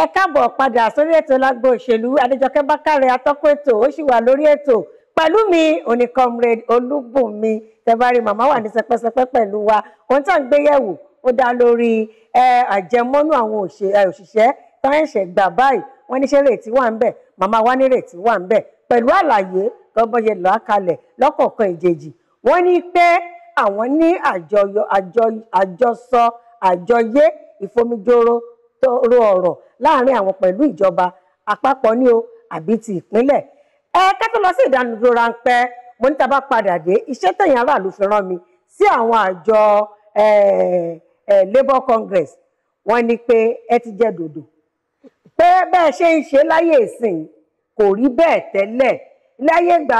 ẹ káàbọ̀ padà sórí ètò lágbo òṣèlú adéjọkẹ́ bákàrẹ atọ́kùn ètò ó sì wà lórí ètò pẹ̀lú mi òní comrade olúbùnmi tẹ́bárí màmá wà ní sẹpẹsẹpẹ pẹ̀lú wa ohun tá à ń gbé yẹ̀wò ó dá lórí àjẹmọ́nú àwọn òṣìṣẹ́ tá à ń ṣẹ̀ gbà báyìí wọ́n ní ṣé rètí wà ń bẹ̀ màmá wa ní rètí wà ń bẹ̀ pẹ̀lú àlàyé gbọ́bọ́yẹ lọ́ọ́ kalẹ̀ lọ́kọ̀ọ̀kan ìjèjì wọ́n ní pé àwọn ní àjọyọ̀ àjọsọ àjọyé ìfomijoro tọrọ ọ̀rọ̀ láàrin àwọn pẹ̀lú ìjọba àpapọ̀ ní o àbí ti ìpínlẹ̀ ẹ kẹ́tọ́ lọ sí ìdánidúró ráńpẹ́ mo ní tàbá padà dé iṣẹ́ tẹ̀yìn aráàlú fi rán mi sí àwọn àjọ Labour Congress wọ́n ní pé ẹ ti jẹ́ dòdò pé bẹ́ẹ̀ ṣe ń ṣe láyé ìsìn kò rí bẹ́ẹ̀ tẹ́lẹ̀ láyé gbà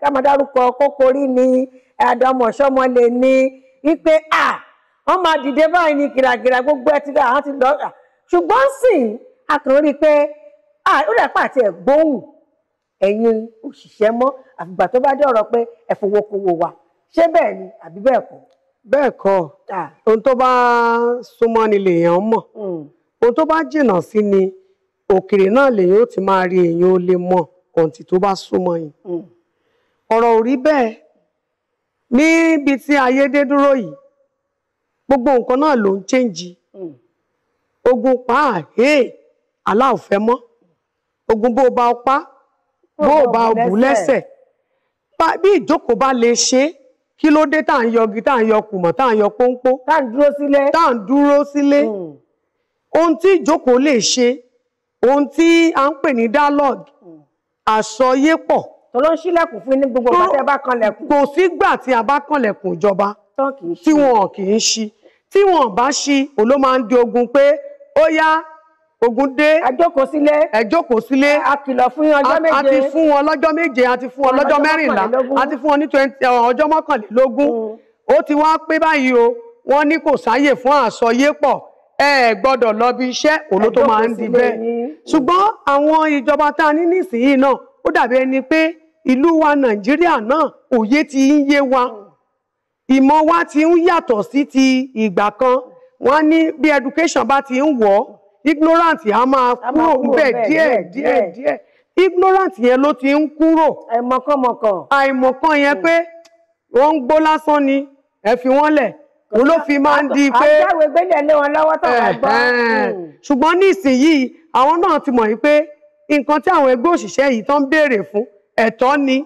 ká máa dárúkọ kókórí ni àdàmọ̀ṣọ́mọlẹ̀ ni wípé ah wọ́n máa dìde báyìí ní kìràkìrà gbogbo ẹ ti rà àwọn ti lọ rà ṣùgbọ́n sì a kàn rí i pé ó dà pàtẹ ẹ̀gbóhùn ẹ̀yin òṣìṣẹ́ mọ́ àfìgbà tó bá dé ọ̀rọ̀ pé ẹ̀fọwọ́kowó wa ṣé bẹ́ẹ̀ ni àbí bẹ́ẹ̀ kọ́. bẹ́ẹ̀ kọ́ ohun tó bá súnmọ́ ni lèèyàn mọ̀ hmm. ohun tó bá jìnnà sí ni òkèrè náà lèèyàn ó ti máa rí èèyàn ó lè mọ̀ kọ̀ǹtì tó bá súnmọ́ yìí hmm. ọ̀rọ̀ ò bẹ́ẹ̀ níbi tí ayé yìí gbogbo nǹkan náà ló ń chẹ́ǹjì ogun pa àhẹ́ aláòfẹ́ mọ́ ogun bó ba ọpá bó ba ọbù lẹ́sẹ̀ bí ìjókòó bá lè ṣe kí ló dé tá à ń yọgi tá à ń yọ kùmọ̀ tá à ń yọ pónpó tá à ń dúró sílé hmm. ohun tí ìjókòó lè ṣe ohun tí a ń pè ní dialogue hmm. àsọyépọ̀ tó ló ń ṣílẹ̀kùn fún ní gbogbo bá tẹ́ bá kanlẹ̀kùn kò sígbà tí a bá kanlẹ̀kùn ìjọba tí wọn kì í ṣí tí wọn bá ṣí òun ló máa ń di ogun pé ó yá ogun dé ẹ jókòó sílé ẹ jókòó sílé a kìlọ̀ fún yín ọjọ́ méje a ti fún wọn lọ́jọ́ méje a ti fún wọn lọ́jọ́ mẹ́rìnlá a ti fún wọn ní eh, ọjọ́ mọ́kànlélógún mm. ó ti wá pé báyìí o wọ́n ní kò sáyè fún àsọyépọ̀ ẹ gbọ́dọ̀ lọ bí iṣẹ́ òun tó máa ń di bẹ́ẹ̀ ṣùgbọ́n àwọn ìjọba tá a ní nísìnyí náà ó dàbí ẹni pé ìlú wa nàìjíríà náà òye ti ń yé wa ìmọ̀ wa ti ń yàtọ̀ sí ti ìgbà kan wọ́n ní bí education bá ti ń wọ̀ ignorant á máa kúrò níbẹ̀ díẹ̀ díẹ̀ díẹ̀ ignorant yẹn ló ti ń kúrò àìmọ̀kànmọ̀kàn àìmọ̀kàn yẹn pé wọ́n ń gbó lásán ni ẹ fi wọ́n lẹ̀ òun ló fi máa ń di pé àjáwé gbélé lé wọn lọ́wọ́ tó wà gbọ́. Hmm. ṣùgbọ́n nísìnyìí àwọn náà ti mọ̀ pé nǹkan tí àwọn ẹgbẹ́ òṣìṣẹ́ yìí tán ń béèrè fún ẹ̀tọ́ ni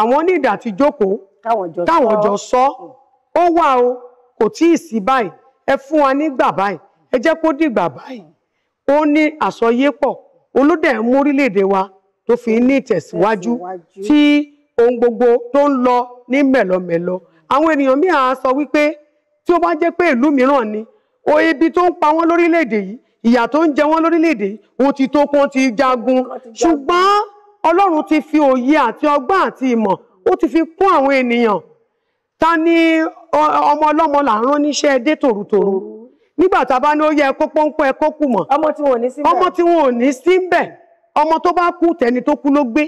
àwọn onídàá ti jókòó káwọn jọ sọ hmm ó wà o kò tí ì sí báyìí ẹ fún wa nígbà báyìí ẹ jẹ́ kó dìgbà báyìí ó ní àsọyépọ̀ olódẹ̀ ń mú orílẹ̀ wa tó fi ní ìtẹ̀síwájú tí ohun gbogbo tó ń lọ ní mẹ̀lọmẹ̀lọ àwọn ènìyàn míì á sọ wípé tí ó bá jẹ́ pé ìlú mìíràn ni ebi tó ń pa wọ́n lórílẹ̀-èdè yìí ìyà tó ń jẹ wọ́n lórílẹ̀-èdè yìí ó ti tó kún ti jagun ṣùgbọ́n Ọlọ́run ti fi òye àti ọgbọ́n àti ìmọ̀ ó ti fi kún àwọn ènìyàn ta ni ọmọ ọlọ́mọ là ń rán níṣẹ́ dé tòrutòru nígbà tá a bá ní ó yẹ kó pọ́npọ́ ẹ kó kù mọ́ ọmọ tí wọn ò ní síbẹ̀ ọmọ tí wọn ọmọ tó bá kú tẹni tó kú ló gbé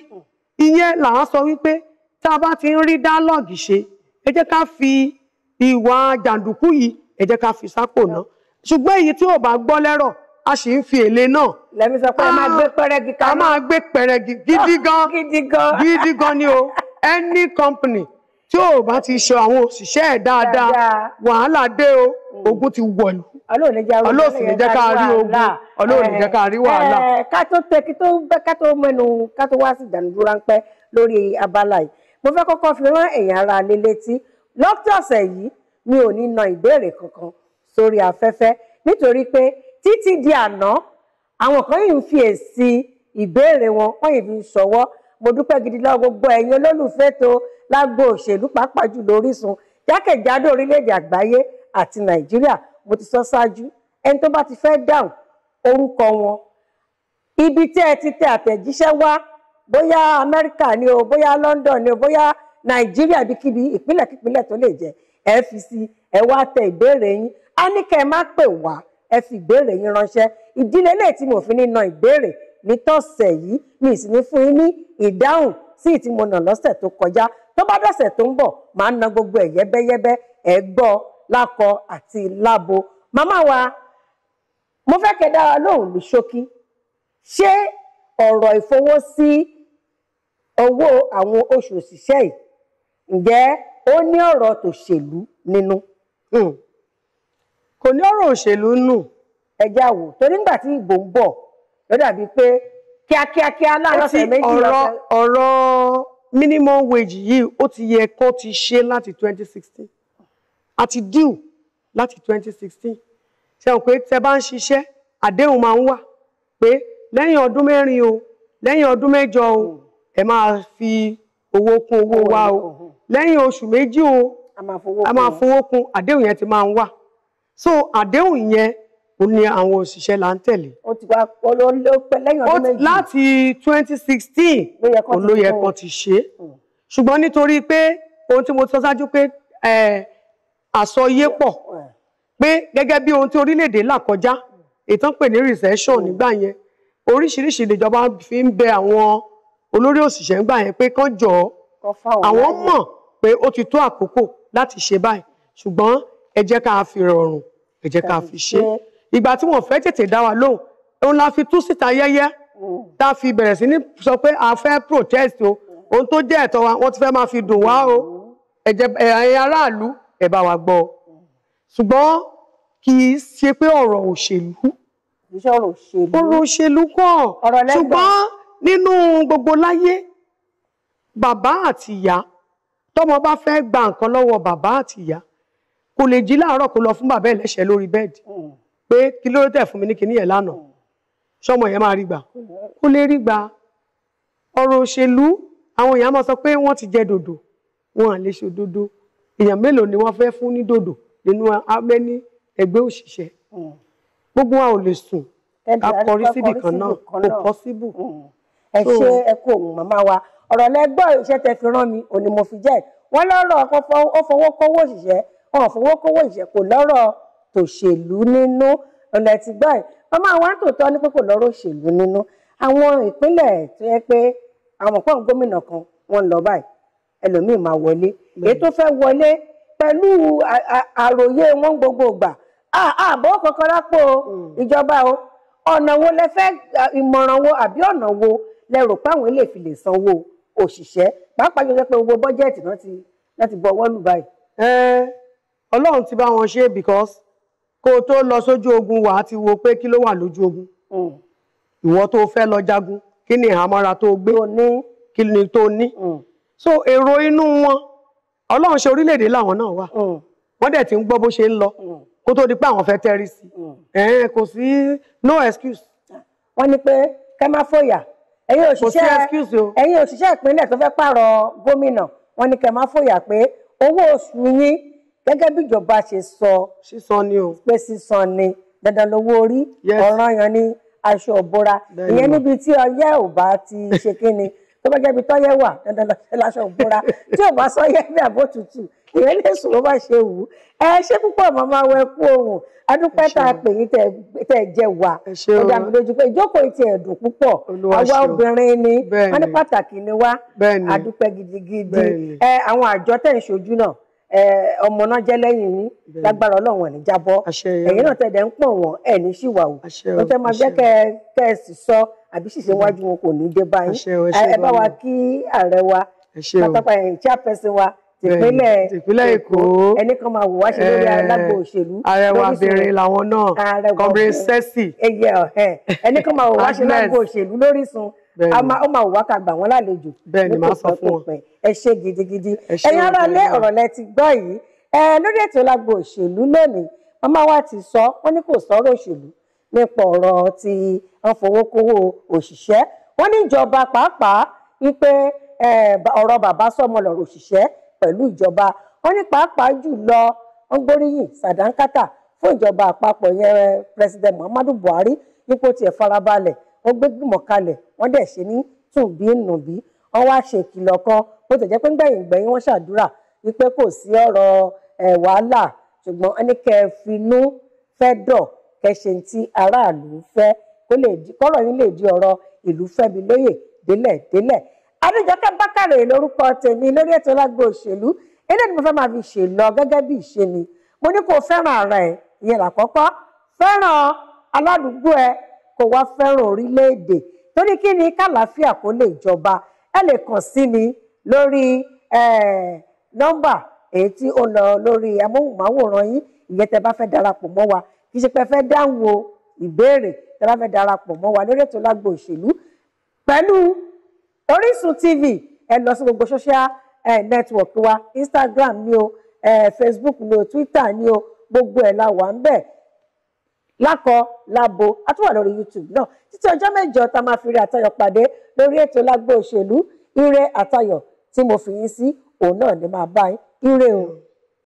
ìyẹn là ń sọ wípé tá a bá ti ń rí dálọ́ọ̀gì ṣe ẹ jẹ́ ká fi ìwà jàǹdùkú yìí ẹ jẹ́ ká fi sápò náà ṣùgbọ́n èyí tí ò bá gbọ́ lẹ́rọ̀ a sì ń fi èlé náà. a máa gbé pẹ́rẹ́gì ah, gidi gan gidi gan ni o any company tí ò bá ti ṣe àwọn òṣìṣẹ́ ẹ̀ dáadáa wàhálà dé o hmm. ogun ti wọ̀lú ọlọ́sìn lè jẹ́ ká rí ogun ọlọ́run lè jẹ́ ká rí wàhálà. Eh, eh, ká tó tẹ kí tó bẹ́ ká tó mẹ́nu ká tó wá sí ìdánudúró ráńpẹ́ lórí abala yìí mo fẹ́ kọ́kọ́ fi rán ẹ̀yin ará lé létí lọ́tọ̀ ọ̀sẹ̀ yìí mi ò ní na ìbéèrè kankan sórí afẹ́fẹ́ nítorí pé títí di àná àwọn kan yìí ń fi èsì ìbéèrè wọn wọ́n yìí fi ṣọwọ́ mo dúpẹ́ gidi lọ́wọ́ gbogbo ẹ̀yin olólùfẹ́ tó lágbó òṣèlú pàápàá jùlọ orísun jákèjádò orílẹ̀-èdè àgbáyé àti nàìjíríà mo ti sọ ṣáájú ẹni tó bá ti fẹ́ dáhùn orúkọ wọn ibi tí ẹ ti tẹ àtẹ̀jíṣẹ́ wá bóyá amẹ́ríkà ni o bóyá london ni o bóyá nàìjíríà ibikíbi ìpínlẹ̀kípínlẹ̀ tó lè jẹ́ ẹ fi si ẹ wá tẹ ìbéèrè yín á ní kẹ́ ẹ má pè wá ẹ fi ìbéèrè yín ránṣẹ́ ìdílé lè tí mo fi ní na ìbéèrè nítọ̀sẹ̀ yìí mi sì ní fún yín ní ìdáhùn sí ìtí lọ́sẹ̀ tó kọjá tó bá dọ̀sẹ̀ tó ń bọ̀ máa na gbogbo ẹ̀ yẹ́bẹ́yẹ́bẹ́ ẹ̀ gbọ́ lákọ àti lábo màmá wa mo fẹ́ kẹ́ dára lóhùn mi ṣókí ṣé ọ̀rọ̀ ìfowósí owó àwọn oṣù òṣìṣẹ́ yìí ǹjẹ́ ó ní ọ̀rọ̀ tòṣèlú nínú. Hmm. kò ní ọ̀rọ̀ òṣèlú nù ẹja wò torí nígbà tí ìbò ń bọ̀ ló dàbí pé kíákíákíá láàárọ̀ ọ̀sẹ̀ méjì lọ́sẹ̀. ọ̀rọ̀ minimum wage yìí ó ti yẹ kó ti ṣe láti 2016 àti deal láti 2016 ṣe hàn pé tẹ bá ń ṣiṣẹ́ àdéhùn máa ń wà pé lẹ́yìn ọdún mẹ́rin o lẹ́yìn ọdún mẹ́jọ o ẹ máa fi owó kún owó wa o lẹ́yìn oṣù méjì o a máa fowó kún àdéhùn yẹn ti máa ń wà so àdéhùn yẹn ó ní àwọn òṣìṣẹ́ là ń tẹ̀lé. ó ti wá olóòpẹ lẹ́yìn ọdún méjì. láti twenty sixteen olóyè kan ti ṣe é hmm. ṣùgbọ́n nítorí pé ohun tí mo sọ ṣáájú pé àsọyé hmm. pọ̀ pé gẹ́gẹ́ bí ohun tí orílẹ̀-èdè là kọjá ìtàn pè ní recession hmm. nígbà yẹn oríṣiríṣi ìjọba fi ń bẹ àwọn olórí òṣìṣẹ́ nígbà yẹn pé kán jọ àwọn mọ̀ pé ó ti tó àkókò láti ṣe báyìí ṣùgbọ́n ẹ jẹ́ ká fi rọrùn ẹ jẹ́ ká fi ṣe é ìgbà tí wọn fẹ́ tètè dá wa lóhùn òun la fi tú síta yẹ́yẹ́ tá a fi bẹ̀rẹ̀ sí ní sọ pé a fẹ́ protest o ohun tó jẹ́ ẹ̀tọ́ wa wọ́n ti fẹ́ máa fi dùn wá o ẹ̀jẹ̀ ẹ̀yìn aráàlú ẹ̀ bá wa gbọ́ ṣùgbọ́n kì í ṣe pé ọ̀rọ̀ òṣèlú ọ̀rọ̀ òṣèlú kọ́ ṣùgbọ́n nínú gbogbo láyé bàbá àti ìyá tọ́mọ bá fẹ́ gba nǹkan lọ́wọ́ bàbá àti ìyá kò lè jí láàárọ̀ kó lọ fún bàbá ẹlẹ́ṣẹ̀ lórí bẹ́ẹ̀dì. Hmm pé kí ló tẹ̀ fún mi ní kinní yẹn lánàá ṣọmọ yẹn máa rí gbà ó lè rí gbà ọ̀rọ̀ òṣèlú àwọn èèyàn máa sọ pé wọ́n ti jẹ dòdò wọn à lè ṣe òdodo èèyàn mélòó ni wọ́n fẹ́ fún ní dòdò nínú amẹ́ni ẹgbẹ́ òṣìṣẹ́ gbogbo wa ò lè sùn ká kọrí síbì kan náà kò pọ́síbù. Mm. ẹ ṣe ẹ kú òun màmá wa ọ̀rọ̀ lẹ́gbọ́ iṣẹ́ tẹ fi rán mi òní mo fi jẹ́ wọ́n lọ́rọ̀ ó fọwọ́ kówó òṣìṣẹ́ kò lọ́rọ̀ tòṣèlú nínú ọ̀nà ẹ̀tì gbọ́ ẹ̀ ọmọ àwọn àtòtọ́ ní pé kò lọ́rọ̀ òṣèlú nínú àwọn ìpínlẹ̀ tó yẹ pé àwọn kan gómìnà kan wọ́n lọ báyìí ẹlòmíì máa wọlé mm. èyí tó fẹ́ wọlé pẹ̀lú àròyé wọn gbogbo ìgbà àbọ̀ kankan lápò mm. ìjọba o ọ̀nà wo lẹ fẹ́ ìmọ̀ràn wo àbí ọ̀nà wo lẹ rò pé àwọn ilé fi lè sanwó òṣìṣẹ́ pàápàá jọ pé gbogbo bọ́jẹ̀tì náà ti bọ́ ọwọ́ lù báyìí. ọlọ́run ti bá wọn ṣe because kó o tó lọ sójú ogun wà á ti wo pé kí ló wà lójú ogun mm. ìwọ tó fẹ́ lọ jagun kí ni ìhámọ́ra tó gbé kí ni tó ní mm. so èrò inú wọn ọlọ́run ṣe orílẹ̀-èdè làwọn náà wà mm. wọ́n dẹ̀ ti ń gbọ́ bó ṣe ń lọ kó tó di pé àwọn fẹ́ tẹ́rí sí kò sí no excuse. wọ́n ní pé ká má fòyà ẹ̀yin òṣìṣẹ́ ẹ̀yin òṣìṣẹ́ ìpínlẹ̀ tó fẹ́ pààrọ̀ gómìnà wọ́n ní ká má fòyà pé owó oṣù yín gẹ́gẹ́ bí ìjọba ṣe sọ sísan ni o pé sísan ni dandan lówó orí ọ̀ranyàn ni aṣọ òbora ìyẹn níbi tí ọyẹ́ ò bá ti ṣe kí ni tó bá jẹ́ ibi tọ́yẹ́ wà dandan lọ́sọ òbora tí ò bá sọ́yẹ́ bí àbó tutù ìyẹn lè sùn ló bá ṣe wù ú ẹ ṣé púpọ̀ màmá wa ẹ kú ohun adúpẹ́ tá a pè yín tẹ́ ẹ jẹ wà ó dá mi lójú pé ìjókòó ti ẹ̀dùn púpọ̀ àwa obìnrin ni wọ́n ní pàtàkì ni wá adúpẹ́ gidigidi àwọn àjọ tẹ̀ ń ṣojú náà ọmọ náà jẹ́ lẹ́yìn yín lágbára ọlọ́run ẹ̀ ní jábọ́ ẹ̀yin náà tẹ̀dẹ̀ ń pọ̀ wọ́n ẹ̀ ní ṣìwàwù ó tẹ́ máa jẹ́ kẹ́ ẹ sì sọ àbí ṣìṣe wájú wọn kò ní dé báyìí ẹ bá wa kí ààrẹ wa pátápá ẹ̀yìn chairperson wa tìpínlẹ̀ tìpínlẹ̀ èkó ẹni kan máa wò wá ṣe lórí alágbó òṣèlú ààrẹ wa bẹ̀rẹ̀ làwọn náà kọbìnrin sẹ́sì ẹni kan máa wò wá ṣe lágbó òṣèlú lórísun ó máa wò wá ká gbà lálejò bẹ́ẹ̀ ni màá sọ fún ọ ẹ ṣe gidigidi ẹ̀yin ará lé ọ̀rọ̀ lẹ ti gbọ́ yìí ẹ lórí ètò lágbo òṣèlú lónìí màmá wa ti sọ wọ́n ní kò sọ̀rọ̀ òṣèlú nípa ọ̀rọ̀ ti àfọwọ́kowó òṣìṣẹ́ wọ́n ní ìjọba pàápàá wípé ọ̀rọ̀ bàbá sọmọ lọ̀rọ̀ òṣìṣẹ́ pẹ̀lú ìjọba wọ́n ní pàápàá jù lọ wọ́n gbóríyìn sàdánkátà fún ìjọba àpapọ̀ yẹn president muhammadu buhari nípò tiẹ̀ farabalẹ̀ wọ́n gbégbìmọ̀ kalẹ̀ wọ́n dẹ̀ ṣe ní tùnbí nùbí wọ́n wá ṣèkìlọ̀ kan bó tẹ̀ jẹ́ pé gbẹ̀yìn gbẹ̀yìn wọ́n ṣàdúrà wípé kò sí ọ̀rọ̀ ẹ̀ wàhálà ṣùgbọ́n ẹni kẹ́ ẹ finú fẹ́ dọ̀ kẹ́ ṣe ti aráàlú fẹ́ kó lè di kọ́rọ̀ yín lè di ọ̀rọ̀ ìlú fẹ́mi lóyè délẹ̀ délẹ̀ Adéjọkẹ́ Bákàrẹ̀ lórúkọ tèmi lórí ètò Lágbo Òṣèlú eléyìí ni mo fẹ́ máa fi ṣe lọ gẹ́gẹ́ bí ìṣe mi mo ní kó fẹ́ràn ara ẹ̀ ìyẹn làkọ́kọ́ fẹ́ràn aládùúgbò ẹ kó wá fẹ́ràn orílẹ̀-èdè torí kí ni kàlàáfíà kó lè jọba ẹ lè kàn sí mi lórí nọ́mbà èyí tí ó lọ lórí amóhùnmáwòrán yín ìyẹn tẹ́ bá fẹ́ darapọ̀ mọ́ wa kì í ṣe pé fẹ́ dáhùn o ìbéèrè tẹ́ bá fẹ́ darapọ̀ mọ́ wa lórí ètò lágbo òṣèlú pẹ̀lú Orísun TV ẹ lọ sí gbogbo social network wa Instagram ni o Facebook ni o Twitter ni o gbogbo ẹ̀ la wà ń bẹ̀ lákọ lábo àtúwà lórí YouTube náà títí ọjọ́ mẹ́jọ tá a máa fi rí àtayọ̀ pàdé lórí ètò lágbo òṣèlú ire àtayọ̀ tí mo fi yín sí òun náà ni màá bá ire o.